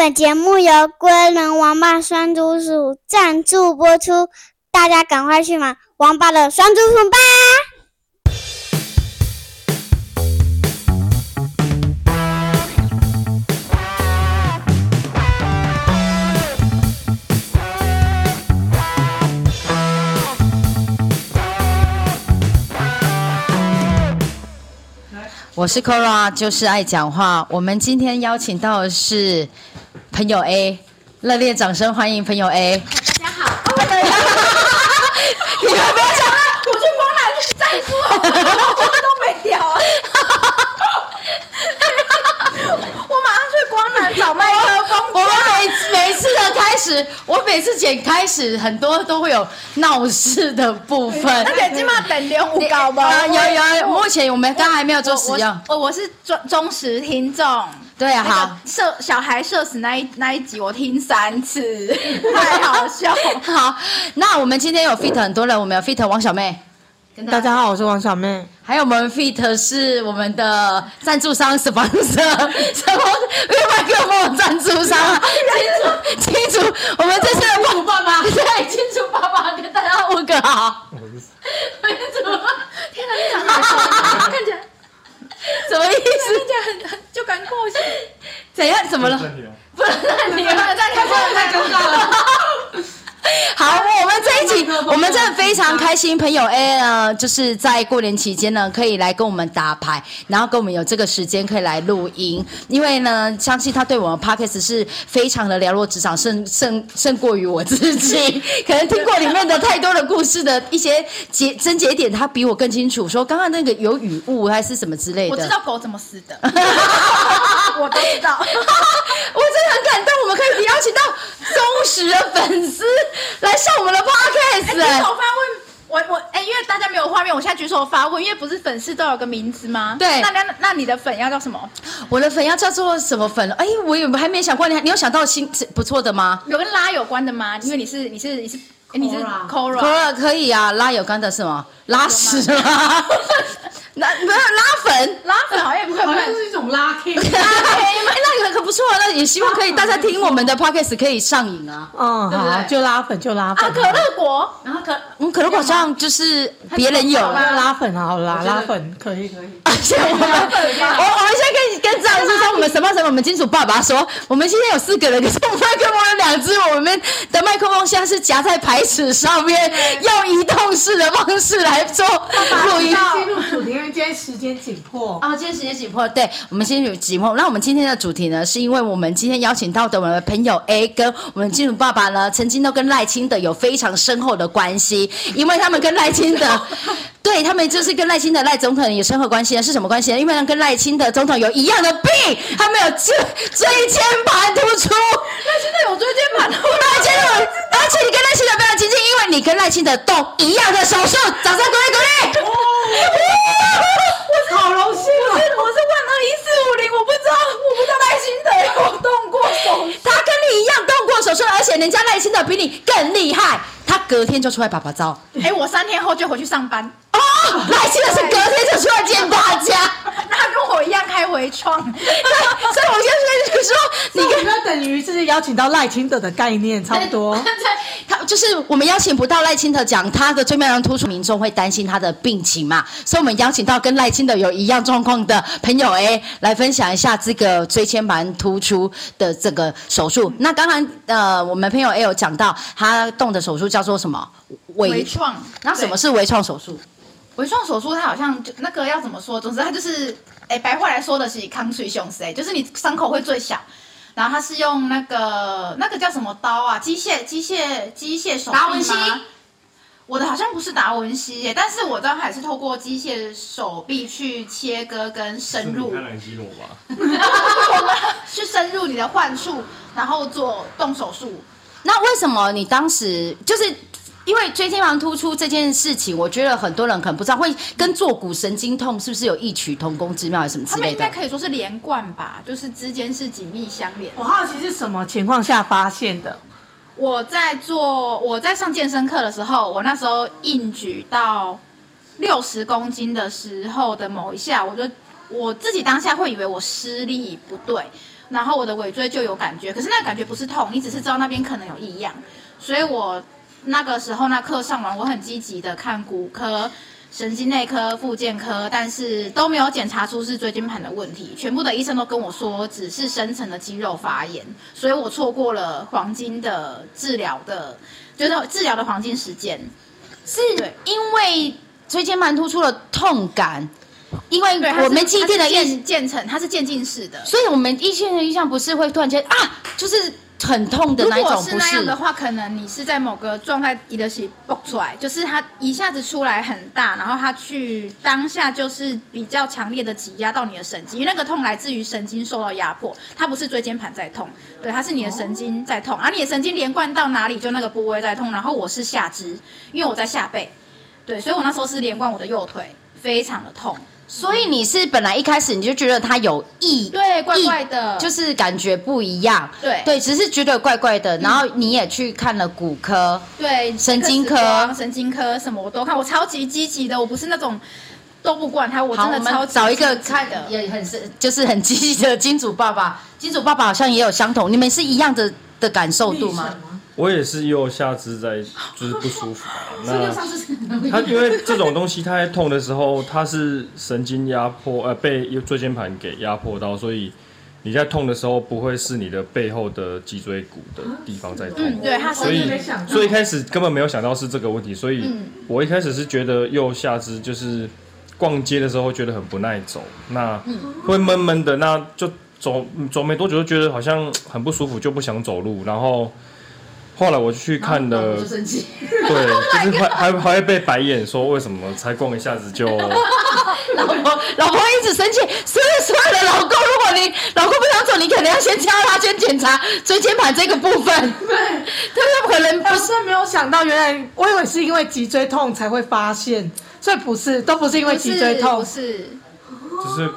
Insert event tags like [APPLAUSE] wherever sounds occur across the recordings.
本節目由“龜人王八雙豬鼠”贊助播出，大家趕快去買王八的雙豬鼠吧！來我是 Cora，就是愛講話。我們今天邀請到的是。朋友 A，熱烈掌聲歡迎朋友 A。大家好，哈哈哈，啊、你們不要講了，我去光南再說，我都沒掉啊。 [LAUGHS] 我馬上去光南找麥。早 [LAUGHS] 每次的開始，我每次剪開始很多都會有鬧事的部分。那剪鏡要等連五稿嗎？有有、啊、有，有有我目前我們剛剛還沒有做使用。哦，我是忠忠實聽眾。對，好。社小孩社死那一那一集，我聽三次，對太好笑。 [LAUGHS] 好，那我們今天有 feat 很多人，我們有 feat 王小妹。大家好，我是王小妹，還有我們 Fit 是我們的贊助商 sponsor 什麼？為什麼給我們贊助商？金主、金主，我們這是金主爸媽。對，金主爸爸，給大家問個好。什麼意思？天哪！看起來什麼意思？聽起來很很就感覺過去？怎樣？怎麼了？不能讓你們？再開麥太尷尬了。好，嗯、我們這一集，我們真的非常開心。朋友 A 呢、欸呃，就是在過年期間呢，可以來跟我們打牌，然後跟我們有這個時間可以來錄音。因為呢，相信他對我們 Podcast 是非常的瞭若指掌，勝勝勝過於我自己。可能聽過裡面的太多的故事的一些結、癥結點，他比我更清楚。說剛剛那個有雨霧還是什麼之類的，我知道狗怎麼死的。 [LAUGHS] 我都知道， [LAUGHS] [LAUGHS] 我真的很感動。我們可以邀請到忠實的粉絲來上我們的 podcast、欸欸。舉手發問，我我哎、欸，因為大家沒有畫面，我現在舉手發問，因為不是粉絲都有個名字嗎？對那，那那那你的粉要叫什麼？我的粉要叫做什麼粉？哎、欸，我也還沒想過，你還你有想到新不錯的嗎？有跟拉有關的嗎？因為你是你是你是。你是哎，你這可 o 可以啊，拉有乾的是嗎？拉屎啦，那沒有拉粉，拉粉好像快，好像是一種拉黑。拉黑，那個可不錯，那也希望可以大家聽我們的 podcast 可以上癮啊。啊，好，就拉粉就拉粉。啊，可樂果，然後可，嗯，可樂果上就是別人有拉粉啊，好啦，拉粉可以可以。啊，謝謝我們拉粉。我們金主爸爸說：“我們今天有四個人，你麥克風有兩只，我們的麥克風像是夾在牌子上面，對對對，用移動式的方式來做錄音。進爸入主題，因為今天時間緊迫啊、哦，今天時間緊迫，對，我們今天有緊迫。那我們今天的主題呢，是因為我們今天邀請到的我們的朋友 A 跟我們金主爸爸呢，曾經都跟賴清德有非常深厚的關係，因為他們跟賴清德，對他們就是跟賴清德賴總統有深厚關係，是什麼關係呢？因為他們跟賴清德總統有一樣的病，他們有。”是椎間盤突出，那現在有椎間盤突出而且，你跟賴清德非常親近，因為你跟賴清德動一樣的手術，掌聲鼓勵鼓勵。我好榮幸，我是、哦、我是萬能一四五零，我不知道我不知道賴清德有動過手術，他跟你一樣動過手術，而且人家賴清德比你更厲害，他隔天就出來爸爸招。哎對、欸，我三天後就回去上班。對哦，賴清德是隔天就出來見大家。我一樣開微創， [LAUGHS] 所以我現在說， [LAUGHS] 你看跟，等於是邀請到賴清德的概念差不多。對，他就是我們邀請不到賴清德講他的椎間盤突出，民眾會擔心他的病情嘛，所以我們邀請到跟賴清德有一樣狀況的朋友 A 來分享一下這個椎間盤突出的這個手術。嗯、那剛剛呃，我們朋友 A 有講到他動的手術叫做什麼微創？然後什麼是微創手術？微創對手術他好像就那個要怎麼說？總之他就是。哎，白話來說的是 “country s o n，就是你傷口會最小，然後它是用那個那個叫什麼刀啊？機械、機械、機械手嗎？達文西，我的好像不是達文西耶，欸，但是我剛才是透過機械手臂去切割跟深入，去深入你的患處，然後做動手術。那為什麼你當時就是？因為椎間盤突出這件事情，我覺得很多人可能不知道，會跟坐骨神經痛是不是有異曲同工之妙，還是什麼之類的？他們應該可以說是連貫吧，就是之間是緊密相連。我好奇是什麼情況下發現的？我在做，我在上健身課的時候，我那時候硬舉到六十公斤的時候的某一下，我就我自己當下會以為我施力不對，然後我的尾椎就有感覺，可是那個感覺不是痛，你只是知道那邊可能有異樣，所以我。那個時候那課上完，我很積極的看骨科、神經內科、復健科，但是都沒有檢查出是椎間盤的問題，全部的醫生都跟我說只是深層的肌肉發炎，所以我錯過了黃金的治療的，就是治療的黃金時間，是對因為椎間盤突出了痛感，因為我們肌腱的建建成它是漸進式的，所以我們醫生的印象不是會突然間啊就是。很痛的那種，不是。如果是那樣的話，可能你是在某個狀態，你的血蹦出來，就是它一下子出來很大，然後它去當下就是比較強烈的擠壓到你的神經，因為那個痛來自於神經受到壓迫，它不是椎間盤在痛，對，它是你的神經在痛，而、啊、你的神經連貫到哪裡就那個部位在痛，然後我是下肢，因為我在下背，對，所以我那時候是連貫我的右腿，非常的痛。所以你是本來一開始你就覺得他有異？對，怪怪的，就是感覺不一樣，對，對，只是覺得怪怪的。然後你也去看了骨科，嗯、對，神經科，科神經科什麼我都看，我超級積極的，我不是那種都不管他，我真的超級積極的找一個看的，也很是就是很積極的。金主爸爸，金主爸爸好像也有相同，你們是一樣的的感受度嗎？我也是右下肢在，就是不舒服的。 [LAUGHS] 那他因為這種東西，它在痛的時候，它 [LAUGHS] 是神經壓迫，呃，被椎間盤給壓迫到，所以你在痛的時候不會是你的背後的脊椎骨的地方在痛。嗯，所以，對，他是是所以所以一開始根本沒有想到是這個問題，所以我一開始是覺得右下肢就是逛街的時候覺得很不耐走，那會悶悶的，那就走走沒多久就覺得好像很不舒服，就不想走路，然後。後來我就去看了，對，就、oh、是還還還會被白眼，說為什麼才逛一下子就，老婆，老婆，一直生氣，所以所有的老公，如果你老公不想走，你肯定要先掐他，先檢查椎間盤這個部分。對，他有可能不是沒有想到，原來我以為是因為脊椎痛才會發現，所以不是都不是因為脊椎痛，是，是就是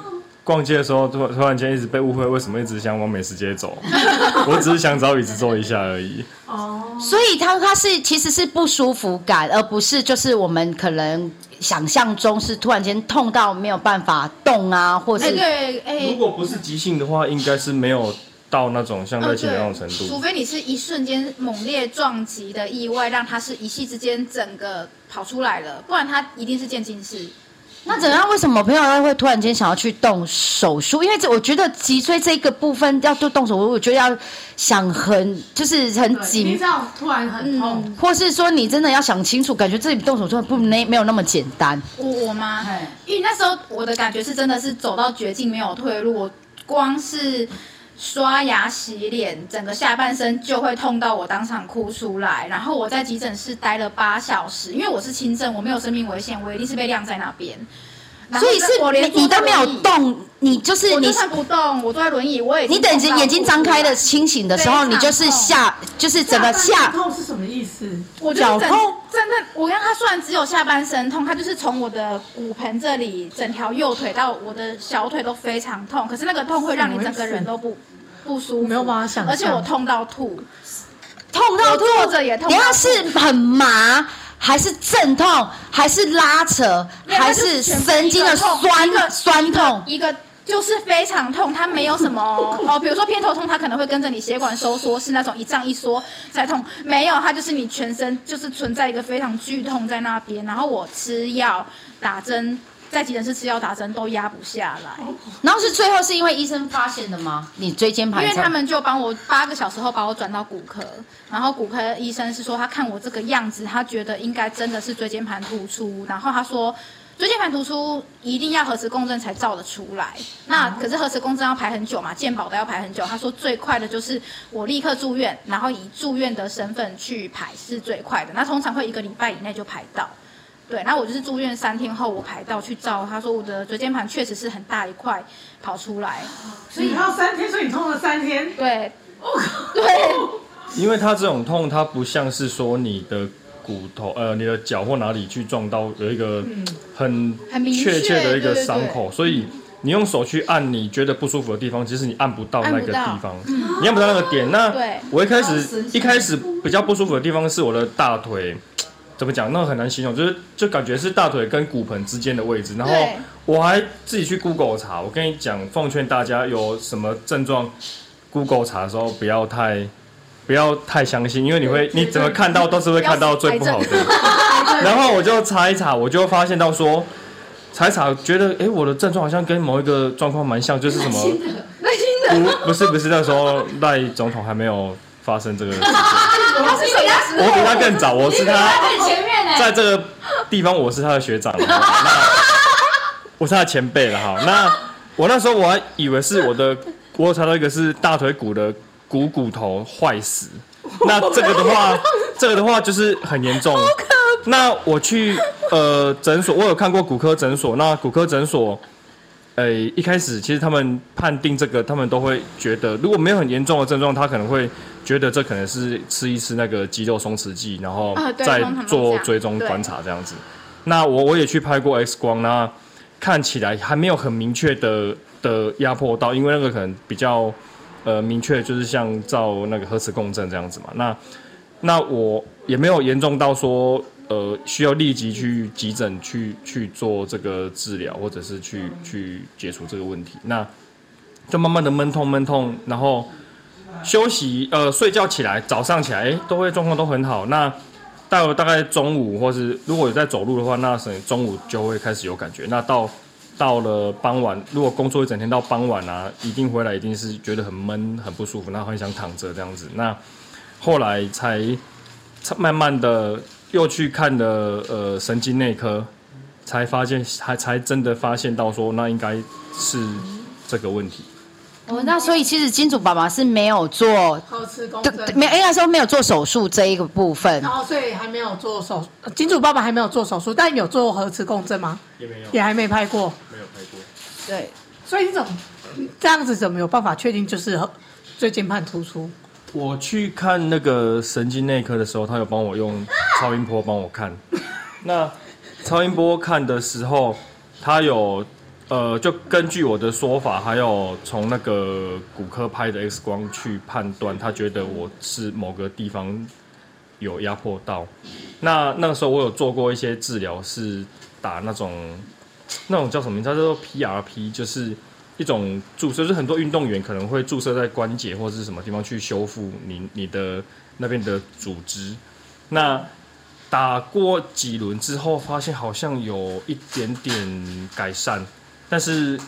逛街的時候突突然間一直被誤會，為什麼一直想往美食街走？ [LAUGHS] 我只是想找椅子坐一下而已。哦，所以他他是其實是不舒服感，而不是就是我們可能想象中是突然間痛到沒有辦法動啊，或是、欸、對，對，對，哎、欸，如果不是急性的話，應該是沒有到那種像內出血那種程度、嗯，除非你是一瞬間猛烈撞擊的意外，讓它是一夕之間整個跑出來了，不然它一定是漸進式。那怎樣？為什麼朋友他會突然間想要去動手術？因為這，我覺得脊椎這個部分要做動手術，我覺得要想很就是很緊，這樣突然很痛，嗯、或是說你真的要想清楚，感覺自己動手術不沒沒有那麼簡單。我，我嗎？嘿因為那時候我的感覺是真的是走到絕境沒有退路，光是。刷牙、洗臉，整個下半身就會痛到我當場哭出來。然後我在急診室待了八小時，因為我是輕症，我沒有生命危險，我一定是被晾在那邊。所以是你，我連你都沒有動，你就是你。不動，我坐在輪椅，我也。你等，眼睛眼睛張開的清醒的時候，你就是下，就是整個下，下半身痛是什麼意思？腳痛，真的。我跟他雖然只有下半身痛，他就是從我的骨盆這裡，整條右腿到我的小腿都非常痛，可是那個痛會讓你整個人都不不舒服。沒有辦法想。而且我痛到吐，痛到坐着也痛。你要是很麻。還是陣痛，還是拉扯，有還是神經的酸酸痛一個，一個就是非常痛，它沒有什麼哦。比如說偏頭痛，它可能會跟着你血管收縮，是那種一脹一縮才痛。沒有，它就是你全身就是存在一個非常劇痛在那邊。然後我吃藥打針，在急診室吃藥打針都壓不下來。好好。然後是最後是因為醫生發現的嗎？你椎間盤？因為他們就幫我八個小時後把我轉到骨科，然後骨科醫生是說他看我這個樣子，他覺得應該真的是椎間盤突出。然後他說椎間盤突出一定要核磁共振才照得出來，那可是核磁共振要排很久嘛，健保都要排很久。他說最快的就是我立刻住院，然後以住院的身份去排是最快的，那通常會一個禮拜以內就排到。對，然後我就是住院三天後，我排到去照，他說我的椎間盤確實是很大一塊跑出來，嗯、所以你要三天，所以你痛了三天。對，oh、God. 對。因為他這種痛，它不像是說你的骨頭，呃，你的腳或哪裡去撞到有一個很、嗯、很明確，確切的一個傷口，對對對，所以你用手去按你覺得不舒服的地方，其實你按不到那個地方，按你按不到那個點。 [LAUGHS] 那我一開始一開始比較不舒服的地方是我的大腿。怎麼講？那很難形容，就是就感覺是大腿跟骨盆之間的位置。然後我還自己去 Google 查，我跟你講，奉勸大家有什麼症狀，Google 查的時候不要太不要太相信，因為你會你怎麼看到都是會看到最不好的。然後我就查一查，我就發現到說，查一查覺得哎、欸，我的症狀好像跟某一個狀況蠻像，就是什麼？的？不是不是，那時候賴總統還沒有發生這個事。事哦、他是我比他更早，我是，我是他，是他他在這個地方我是他的學長， [LAUGHS] 那我是他的前輩了哈。那我那時候我還以為是我的，我有查到一個是大腿骨的股骨頭壞死， [LAUGHS] 那這個的話，這個的話就是很嚴重。那我去呃診所，我有看過骨科診所，那骨科診所。呃，一開始其實他們判定這個，他們都會覺得，如果沒有很嚴重的症狀，他可能會覺得這可能是吃一吃那個肌肉鬆弛劑，然後再做追蹤觀察這樣子。哦、弄弄弄樣那我我也去拍過 X 光，那看起來還沒有很明確的的壓迫到，因為那個可能比較呃明確，就是像照那個核磁共振這樣子嘛。那那我也沒有嚴重到說。呃，需要立即去急診去去做這個治療，或者是去去解除這個問題。那就慢慢的悶痛悶痛，然後休息呃睡覺起來，早上起來都會狀況都很好。那到了大概中午，或是如果有在走路的話，那中午就會開始有感覺。那到到了傍晚，如果工作一整天到傍晚啊，一定回來一定是覺得很悶很不舒服，那很想躺着這樣子。那後來才慢慢的。又去看了呃神經內科，才發現，還才真的發現到說，那應該是這個問題。我、嗯、那所以其實金主爸爸是沒有做核磁共振，沒，那時候沒有做手術這一個部分。然後所以還沒有做手，金主爸爸還沒有做手術，但你有做核磁共振嗎？也沒有，也還沒拍過。沒有拍過。對，所以你怎麼這樣子怎麼有辦法確定就是椎間盤突出？我去看那個神經內科的時候，他有幫我用超音波幫我看。那超音波看的時候，他有呃，就根據我的說法，還有從那個骨科拍的 X 光去判斷，他覺得我是某個地方有壓迫到。那那個時候我有做過一些治療，是打那種那種叫什麼名字？他叫做 PRP，就是。一種注射，就是很多運動員可能會注射在關節或是什麼地方去修復你你的那邊的組織。那打過幾輪之後，發現好像有一點點改善，但是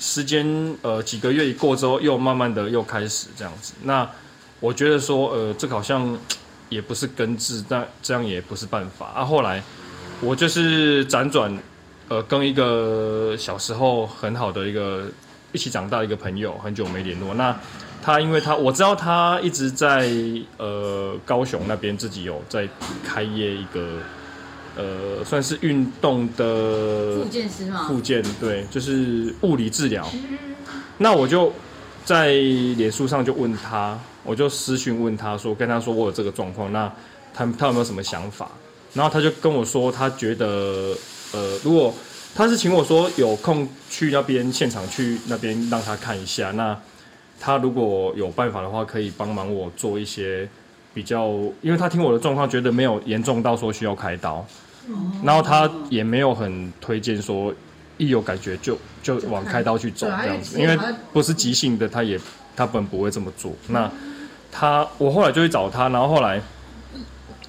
時間呃幾個月一過之後，又慢慢的又開始這樣子。那我覺得說呃，這個好像也不是根治，但這樣也不是辦法。啊，後來我就是輾轉。呃，跟一個小時候很好的一個一起長大的一個朋友，很久沒聯絡。那他因為他我知道他一直在呃高雄那邊自己有在開業一個呃算是運動的復健師嗎？復健，對，就是物理治療。那我就在臉書上就問他，我就私訊問他說，跟他說我有這個狀況，那他他有沒有什麼想法？然後他就跟我說，他覺得。呃，如果他是請我說有空去那邊現場去那邊讓他看一下，那他如果有辦法的話，可以幫忙我做一些比較，因為他聽我的狀況，覺得沒有嚴重到說需要開刀，嗯，然後他也沒有很推薦說一有感覺就就往開刀去走這樣子，因為不是急性的，他也他本不會這麼做。那他我後來就去找他，然後後來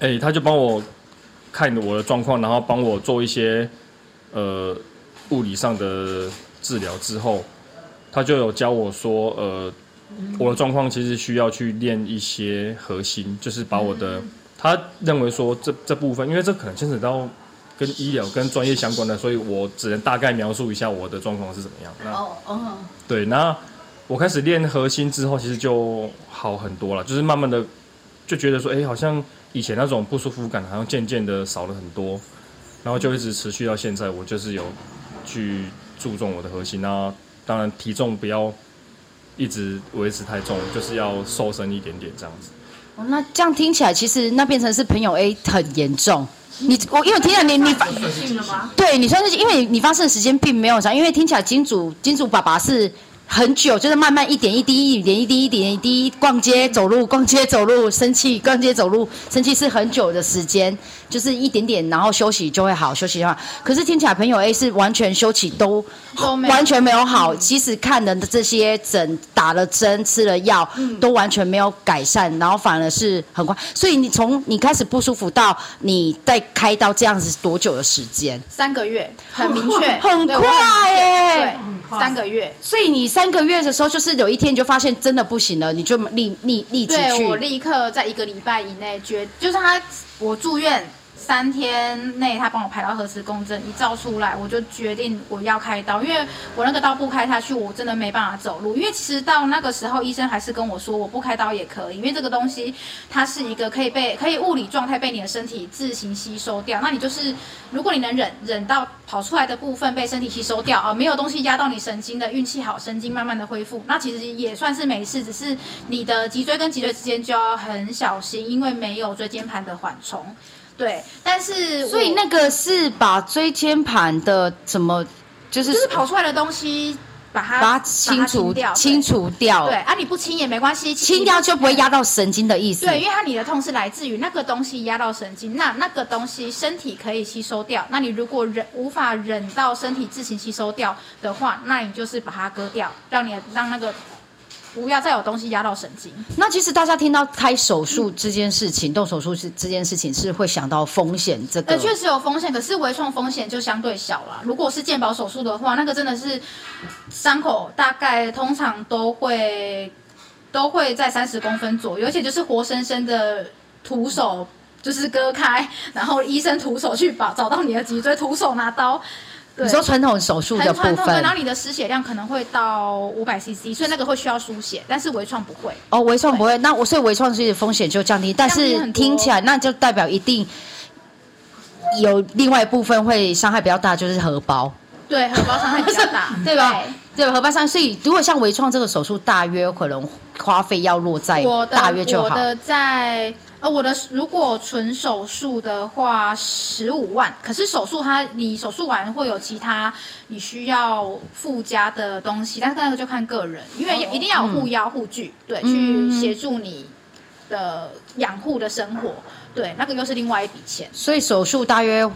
哎、欸，他就幫我。看我的狀況，然後幫我做一些呃物理上的治療之後，他就有教我說呃、嗯、我的狀況其實需要去練一些核心，就是把我的、嗯、他認為說這這部分，因為這可能牽扯到跟醫療跟專業相關的，所以我只能大概描述一下我的狀況是怎麼樣。那，對，那我開始練核心之後，其實就好很多了，就是慢慢的就覺得說，哎、欸，好像。以前那種不舒服感好像漸漸的少了很多，然後就一直持續到現在。我就是有去注重我的核心，那當然體重不要一直維持太重，就是要瘦身一點點這樣子。哦，那這樣聽起來其實那變成是朋友 A 很嚴重。你我因為我聽了你，你你嗎？對你說是，因為你你發生的時間並沒有長，因為聽起來金主金主爸爸是。很久，就是慢慢一點一滴，一點一滴，一點一滴。逛街，走路，逛街，走路，生氣，逛街，走路，生氣，是很久的時間，就是一點點，然後休息就會好，休息就好。可是聽起來朋友 A 是完全休息都、都沒有完全沒有好，嗯、即使看人的這些診，打了針吃了藥，嗯、都完全沒有改善，然後反而是很快。所以你從你開始不舒服到你再開刀這樣子多久的時間？三個月，很明確，很快、欸、對，很對很快三個月。所以你三。三個月的時候，就是有一天你就發現真的不行了，你就立立立即去，對。我立刻在一個禮拜以內決，就是他我住院。三天內他幫我排到核磁共振，一照出來我就決定我要開刀，因為我那個刀不開下去，我真的沒辦法走路。因為其實到那個時候，醫生還是跟我說我不開刀也可以，因為這個東西它是一個可以被可以物理狀態被你的身體自行吸收掉。那你就是如果你能忍忍到跑出來的部分被身體吸收掉啊、呃，沒有東西壓到你神經的，運氣好，神經慢慢的恢復，那其實也算是沒事。只是你的脊椎跟脊椎之間就要很小心，因為沒有椎間盤的緩衝。對，但是所以那個是把椎間盤的怎麼，就是就是跑出來的東西，把它把它清除把它清掉，清除掉。對啊，你不清也沒關係，清，清掉就不會壓到神經的意思。對，因為它你的痛是來自於那個東西壓到神經，那那個東西身體可以吸收掉。那你如果忍無法忍到身體自行吸收掉的話，那你就是把它割掉，讓你讓那個。不要再有東西壓到神經。那其實大家聽到開手術這件事情，嗯、動手術是這件事情是會想到風險這個。確實有風險，可是微創風險就相對小了。如果是健保手術的話，那個真的是傷口大概通常都會都會在三十公分左右，而且就是活生生的徒手就是割開，然後醫生徒手去把找到你的脊椎，徒手拿刀。對你說傳統手術的部分的，然後你的失血量可能會到五百 CC，所以那個會需要輸血，但是微創不會。哦，微創不會，對那我所以微創這些風險就降低，但是聽起來那就代表一定有另外一部分會傷害比較大，就是荷包。對，荷包傷害比較大， [LAUGHS] 對吧？對吧對，荷包傷害。所以如果像微創這個手術，大約可能花費要落在大約就好的,的在。呃，我的如果純手術的話，十五萬。可是手術它，你手術完會有其他你需要附加的東西，但是那個就看個人，因為一定要有護腰護具，哦嗯、對，去協助你的養護的生活。嗯嗯對，那個又是另外一筆錢。所以手術大約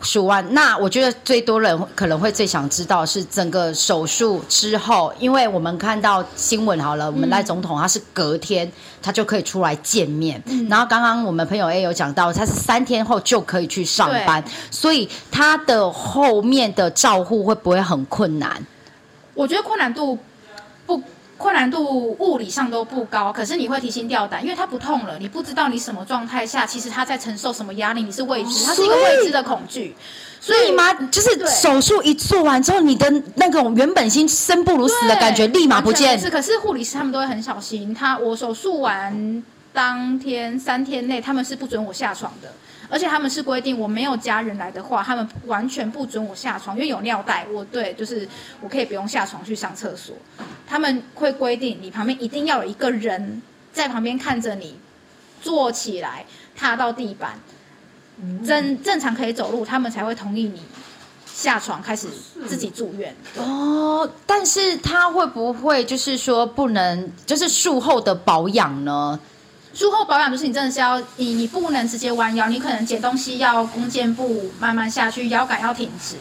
數萬。那我覺得最多人可能會最想知道是整個手術之後，因為我們看到新聞好了，嗯、我們賴總統他是隔天他就可以出來見面。嗯、然後剛剛我們朋友 A 也有講到，他是三天後就可以去上班，對所以他的後面的照護會不會很困難？我覺得困難度。困難度物理上都不高，可是你會提心吊膽，因為它不痛了，你不知道你什麼狀態下，其實它在承受什麼壓力，你是未知，哦、它是一個未知的恐懼。所以嘛，就是手術一做完之後，嗯、你的那種原本心生不如死的感覺對立馬不見。是，可是護理師他們都會很小心。他我手術完當天三天內他們是不准我下床的。而且他們是規定，我沒有家人來的話，他們完全不准我下床，因為有尿袋。我對，就是我可以不用下床去上廁所。他們會規定，你旁邊一定要有一個人在旁邊看着你坐起來，踏到地板，正、嗯、正常可以走路，他們才會同意你下床開始自己住院。是對哦，但是他會不會就是說不能，就是術後的保養呢？術後保養就是你真的是要，你你不能直接彎腰，你可能撿東西要弓箭步慢慢下去，腰桿要挺直，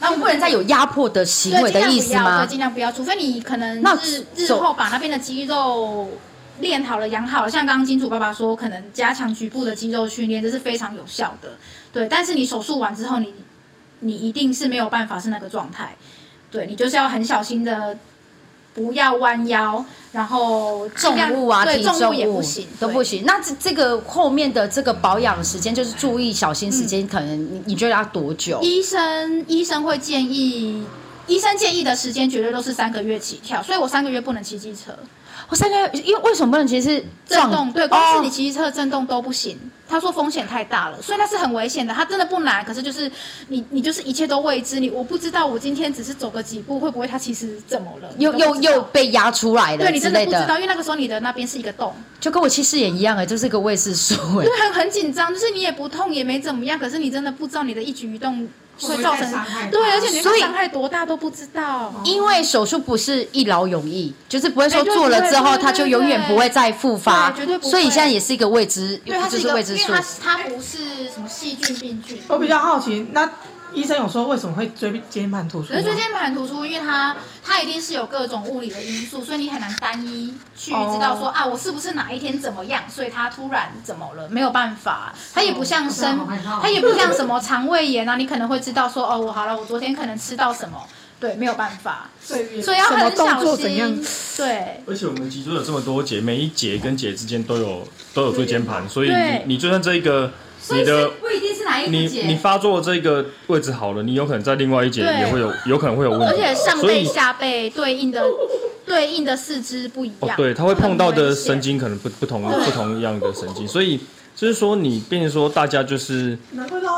那我們不能再不有壓迫的行為的意思嗎？對，盡量不要，對，盡量不要，除非你可能是日，那日後把那邊的肌肉練好了、養好了，像剛剛金主爸爸說，可能加強局部的肌肉訓練，這是非常有效的。對，但是你手術完之後，你你一定是沒有辦法是那個狀態，對，你就是要很小心的。不要彎腰，然後重物啊，對，重物也不行，都不行。那這這個後面的這個保養時間，就是注意小心時間，對可能你你覺得要多久？醫生醫生會建議，醫生建議的時間絕對都是三個月起跳，所以我三個月不能騎機車。三個月，因為為什麼不能騎是震動？對，光是你騎車的震動都不行。他說風險太大了，所以那是很危險的。他真的不難，可是就是你，你就是一切都未知。你我不知道，我今天只是走個幾步，會不會他其實怎麼了？又又又被壓出來了的？對你真的不知道，因為那個時候你的那邊是一個洞，就跟我其實也一樣哎、欸，就是一個未知數。對，很很緊張，就是你也不痛，也沒怎麼樣，可是你真的不知道你的一舉一動，會造成傷害。對，而且你說傷害多大都不知道。因為手術不是一勞永逸，就是不會說做了之後它就永遠不會再復發。對絕對不會。所以現在也是一個未知，對就是未知數。它它，它不是什麼細菌病菌。我比較好奇那。醫生有說為什麼會椎間盤突出啊？可是椎間盤突出，因為它它，一定是有各種物理的因素，所以你很難單一去知道說，oh. 啊，我是不是哪一天怎麼樣，所以它突然怎麼了？沒有辦法，它也不像生，oh. Oh, right. oh, 它也不像什麼腸胃炎啊， [LAUGHS] 你可能會知道說哦，我好了，我昨天可能吃到什麼？對，沒有辦法，所以要很小心。對，對而且我們脊椎有這麼多節，每一節跟節之間都有都有椎間盤， [LAUGHS] 對所以你你就算這一個。你的你你發作這個位置好了，你有可能在另外一節也會有，對有可能會有問題。而且上背下背對應的 [LAUGHS] 對應的四肢不一樣、哦，對，他會碰到的神經可能不不同、啊、對不同樣的神經，所以就是說你，變成說大家就是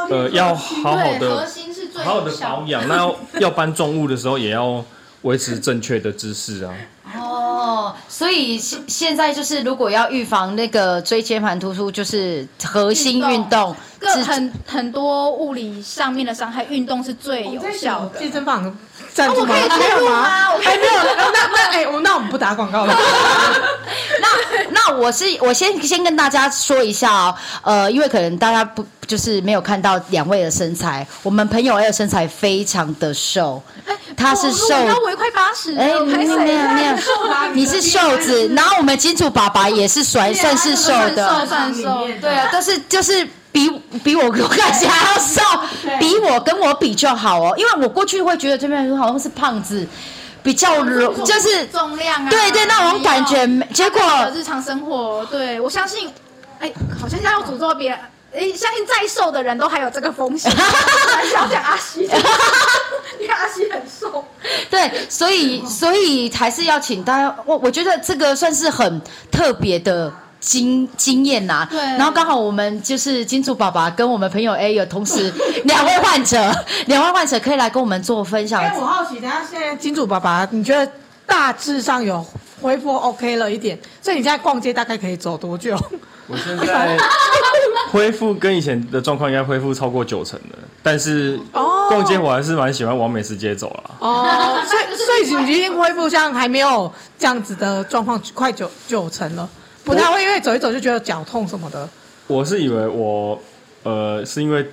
對呃要好好的好好的保養，那要，要搬重物的時候也要維持正確的姿勢啊。 [LAUGHS] 所以現現在就是，如果要預防那個椎間盤突出，就是核心運動。很很多物理上面的傷害，運動是最有效的。健身房贊助嗎？還沒有嗎？還沒有。那那哎，那我們不打廣告了。那那我是我先先跟大家說一下哦，呃，因為可能大家不就是沒有看到兩位的身材，我們朋友 A 的身材非常的瘦，他是瘦，然後我快八十，哎，你是瘦子，然後我們金主爸爸也是算算是瘦的，瘦算瘦，對啊，但是就是。比比我看起來還要瘦，對比我跟我比就好哦，因為我過去會覺得這邊人好像是胖子，比較容，就是重量啊，對，對對，那種感覺。要結果日常生活，對我相信，哎、欸，好像要詛咒別人，哎、欸，相信再瘦的人都還有這個風險。哈哈哈哈哈，阿西、這個， [LAUGHS] [LAUGHS] 你看阿西很瘦，對，所以所以還是要請大家，我我覺得這個算是很特別的。經經驗吶、啊，對然後剛好我們就是金主爸爸跟我們朋友 A 有同時兩位患者，兩位患者，對兩位患者可以來跟我們做分享。哎，我好奇，等下現在金主爸爸，你覺得大致上有恢復 OK 了一點？所以你現在逛街大概可以走多久？我現在恢復跟以前的狀況應該恢復超過九成了，但是哦，逛街我還是蠻喜歡往美食街走了、啊。哦，所以所以你已經恢復，像還沒有這樣子的狀況，快九九成了。我 不太會，因為走一走就覺得腳痛什麼的。我是以為我，呃，是因為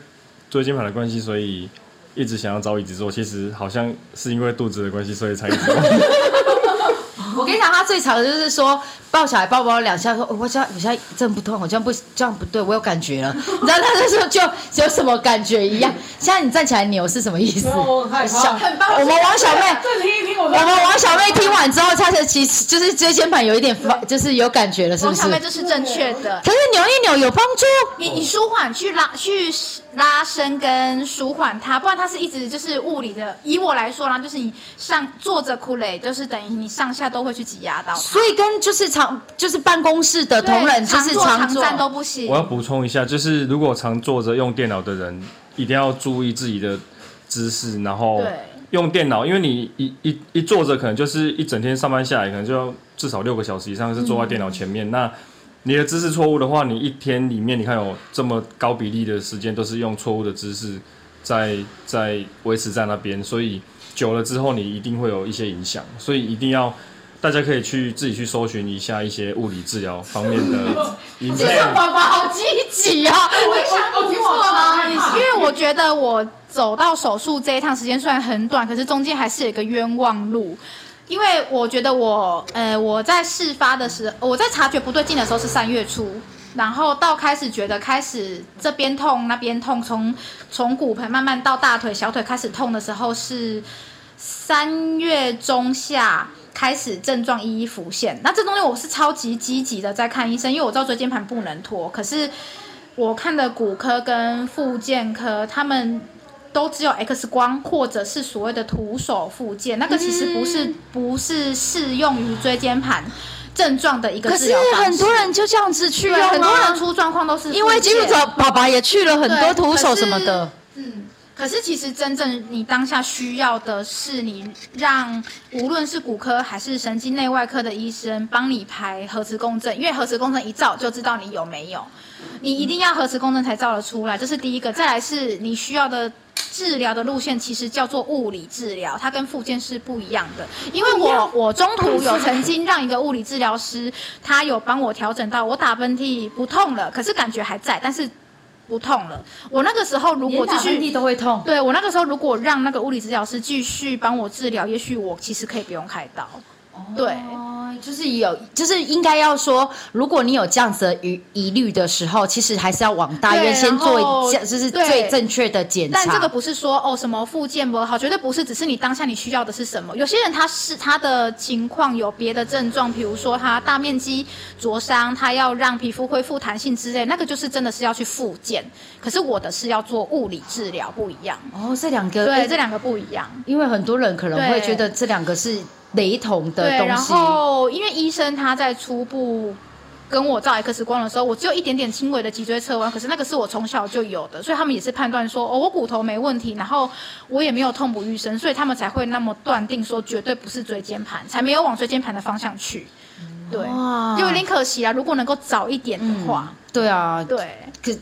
椎間盤的關係，所以一直想要找椅子坐。其實好像是因為肚子的關係，所以才。一直。我跟你講，他最吵的就是說。抱小孩抱抱兩下，說：“我這樣，我現在這樣不痛，我這樣不這樣不對，我有感覺了。”你知道他這時候就有什麼感覺一樣？現在你站起來扭是什麼意思？小，我們王小妹，我們王小妹聽完之後，她就其實就是椎間盤有一點，就是有感覺了，是不是？王小妹這是正確的，可是扭一扭有幫助，你你舒緩去拉去拉伸跟舒緩它，不然它是一直就是物理的。以我來說呢，就是你上坐着哭累，就是等於你上下都會去擠壓到，所以跟就是長。就是辦公室的同仁，就是常坐常站都不行。我要補充一下，就是如果常坐着用電腦的人，一定要注意自己的姿勢。然後用電腦，因為你一一一坐着，可能就是一整天上班下來，可能就要至少六個小時以上是坐在電腦前面。嗯、那你的姿勢錯誤的話，你一天裡面，你看有這麼高比例的時間都是用錯誤的姿勢在在維持在那邊，所以久了之後，你一定會有一些影響。所以一定要。大家可以去自己去搜尋一下一些物理治療方面的影片。這個寶寶好積極啊！ [LAUGHS] 我因為我覺得我走到手術這一趟，時間雖然很短，可是中間還是有一個冤枉路。因為我覺得我呃我在事發的時候，我在察覺不對勁的時候是三月初，然後到開始覺得開始這邊痛那邊痛，從從骨盆慢慢到大腿小腿開始痛的時候是三月中下。開始症狀一一浮現，那這東西我是超級積極的在看醫生，因為我知道椎間盤不能拖。可是我看的骨科跟復健科，他們都只有 X 光或者是所謂的徒手復健，那個其實不是不是適用於椎間盤症狀的一個治療。可是很多人就這樣子去了，很多人出狀況都是因為金主爸爸也去了很多徒手什麼的。可是，其實真正你當下需要的是，你讓無論是骨科還是神經內外科的醫生幫你排核磁共振，因為核磁共振一照就知道你有沒有。你一定要核磁共振才照得出來，這是第一個。再來是你需要的治療的路線，其實叫做物理治療，它跟復健是不一樣的。因為我我中途有曾經讓一個物理治療師，他有幫我調整到我打噴嚏不痛了，可是感覺還在，但是。不痛了。我那個時候如果繼續，都會痛。對我那個時候如果讓那個物理治療師繼續幫我治療，也許我其實可以不用開刀。對、哦，就是有，就是應該要說，如果你有這樣子的疑疑慮的時候，其實還是要往大醫院先做一下，就是最正確的檢查。但這個不是說哦什麼復健不好，絕對不是，只是你當下你需要的是什麼。有些人他是他的情況有別的症狀，比如說他大面積灼傷，他要讓皮膚恢復彈性之類，那個就是真的是要去復健。可是我的是要做物理治療，不一樣。哦，這兩個，對，這兩個不一樣，因為很多人可能會覺得這兩個是。雷同的東西。對，然後因為醫生他在初步跟我照 X 光的時候，我只有一點點輕微的脊椎側彎，可是那個是我從小就有的，所以他們也是判斷說，哦，我骨頭沒問題，然後我也沒有痛不欲生，所以他們才會那麼斷定說，絕對不是椎間盤，才沒有往椎間盤的方向去。嗯、對，有點哇可惜啊，如果能夠早一點的話。嗯、對啊，對，可是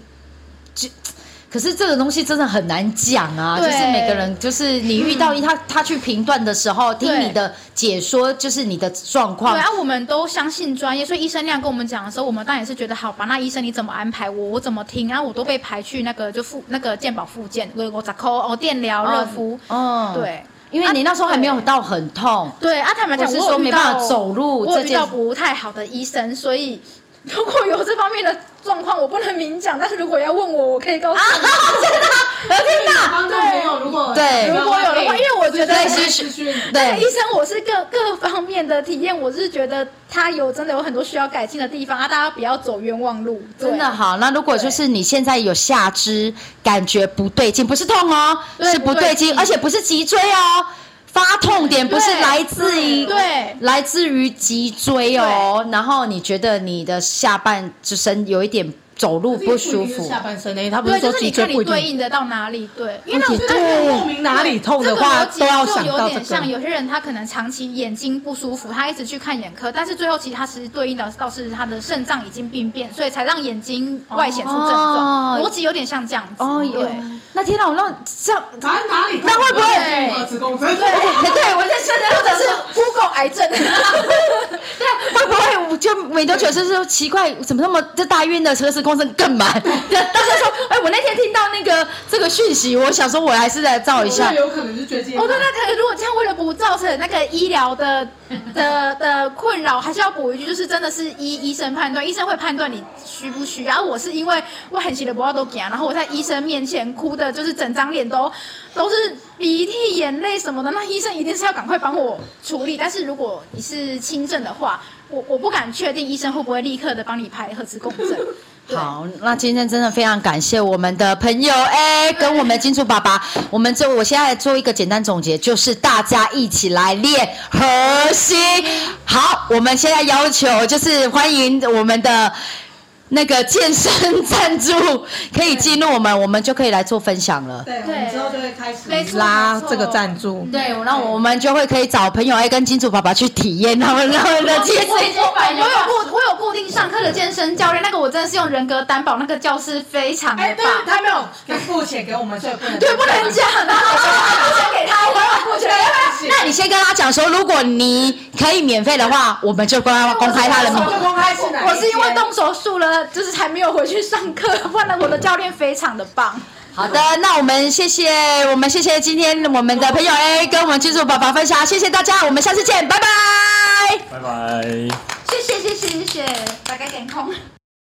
可是這個東西真的很難講啊，對就是每個人，就是你遇到他，他去評斷的時候，嗯、聽你的解說，對就是你的狀況。對啊，我們都相信專業，所以醫生那樣跟我們講的時候，我們當然也是覺得好吧，那醫生你怎麼安排我，我怎麼聽，然、啊、後我都被排去那個就附那個健保復健我我扎扣，哦，電療、熱敷、嗯，嗯，對，因為你那時候還沒有到很痛。對啊，坦白對對、啊、講是說沒辦法走路這件，我遇到不太好的醫生，所以。如果有這方面的狀況，我不能明講。但是如果要問我，我可以告訴你。啊，真的？真的？對。觀眾朋友，對如果有的話因為我覺得對醫生，我是各各方面的體驗，我是覺得他有真的有很多需要改進的地方啊！大家不要走冤枉路，真的好。那如果就是你現在有下肢感覺不對勁，不是痛哦，是不對勁，而且不是脊椎哦。發痛點不是來自於，對對對，來自於脊椎哦，對然後你覺得你的下半之身有一點。走路不舒服，下半身、欸、他不是說脊椎對、就是、你看你對應的到哪裡？對，因為我覺得哪裡痛的話，都要想到有點像有些人，他可能長期眼睛不舒服，他一直去看眼科，但是最後其實他是對應的倒是他的腎臟已經病變，所以才讓眼睛外顯出症狀。邏輯、哦、有點像這樣子。哦，對。喔欸、那聽到我讓像，樣，哪裡？那會不會？對對、哎、對，我在想的或者是骨骨癌症， [LAUGHS] [LAUGHS] 對，會不會我就沒多久就是奇怪，怎麼那麼這大醫的車是。更嘛？大 [LAUGHS] 家說，哎、欸，我那天聽到那個這個訊息，我想說，我還是來照一下。可能我、哦、對那，如果這樣，為了不造成那個醫療的的的困擾，還是要補一句，就是真的，是醫醫生判斷，醫生會判斷你虛不虛。然後我是因為我很喜的不要都講，然後我在醫生面前哭的，就是整張臉都都是鼻涕、眼淚什麼的。那醫生一定是要趕快幫我處理。但是如果你是輕症的話，我我不敢確定醫生會不會立刻的幫你拍核磁共振。 [LAUGHS] 對好，那今天真的非常感謝我們的朋友哎、欸，跟我們金主爸爸，我們就我現在做一個簡單總結，就是大家一起來練核心。好，我們現在要求就是歡迎我們的。那個健身贊助可以進入我們，我們就可以來做分享了。對，我們之後就會開始拉這個贊助。對，然後我們就會可以找朋友哎，跟金主爸爸去體驗他們他們的健身。我有固，我有固定上課的健身教練，那個我真的是用人格擔保，那個教師非常的棒。哎，對，他沒有付錢給我們，所以不能對，不能講。哈付錢給他，我沒有付錢，對。那你先跟他講說，如果你可以免費的話，我們就公公開他的名。我是因為動手術了。就是還沒有回去上課，換了我的教練非常的棒。好的，好的，那我們謝謝我們謝謝今天我們的朋友 A 跟我們金主爸爸分享，謝謝大家，我們下次見，拜拜，拜拜，謝謝謝謝謝謝，謝謝謝謝大家點空。